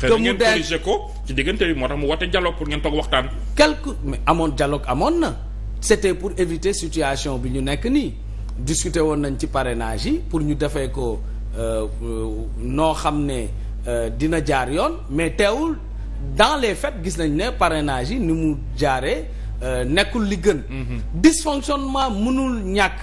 xëy na ngeen corrigé ko ci diggante bi moo tax mu woote dialogue pour ngeen toog waxtaan. quelque amoon dialogue amoon na c'était pour éviter situation bi ñu nekk nii discuter woon nañ ci parrainage yi pour ñu defee ko euh, euh, noo xam ne euh, dina jaar yoon mais teewul dans les fait gis nañ ne parrainage yi ni mu jaaree nekkul li gën. Mhm. dysfonctionnement mënul ñàkk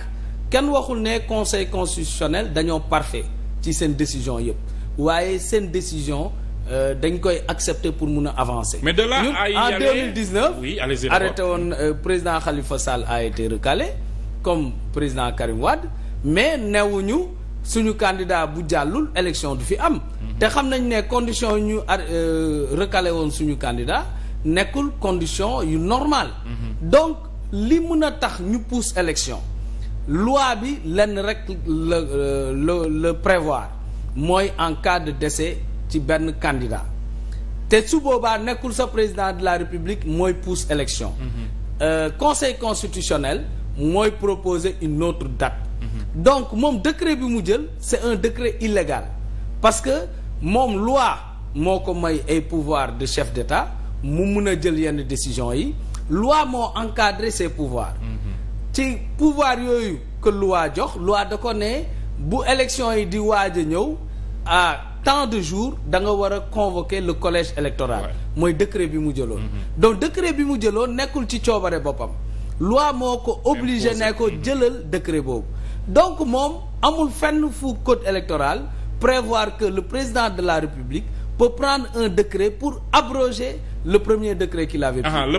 kenn waxul ne conseil constitutionnel dañoo parfait ci seen décision yëpp waaye seen décision. Euh, dañ koy accepter pour mun a avancer. mais de là Nous, à y en deux woon euh, président Khalifa Sall a été recalé comme président Karim Wade mais newuñu suñu candidat bu jàllul élection du fi am. Mhm. te xam nañ ne condition yu ñu ar euh, recalé woon suñu candidat nekkul condition yu normal mhm. donc li mun a tax ñu pousse élection. loi bi lenn rek la la prévoir mooy en cas de décès ci benn candidat te su boobaa nekkul sa président de la république mooy pousse élection mm-hmm. euh, conseil constitutionnel mooy proposer une autre date mm-hmm. donc moom décret bi mu jël c'est un décret illégal parce que moom loi moo ko may ay pouvoir de chef d'état mu mun a jël yenn décision yi loi moo encadré ses pouvoir mm-hmm. ci pouvoir yooyu que loi jox loi da ko ne bu élection yi di waaj a ñëw ah tant de jours danga nga war a convoquer le collège électoral mooy décret bi mu jëloon mm-hmm. donc décret bi mu jëloon nekkul ci coobare boppam loi moo ko obligé ne ko mm-hmm. jëlal décret boobu donc moom amul fenn fu code électoral prévoir que le président de la république peut prendre un décret pour abroger le premier décret qu'il avait ah, pris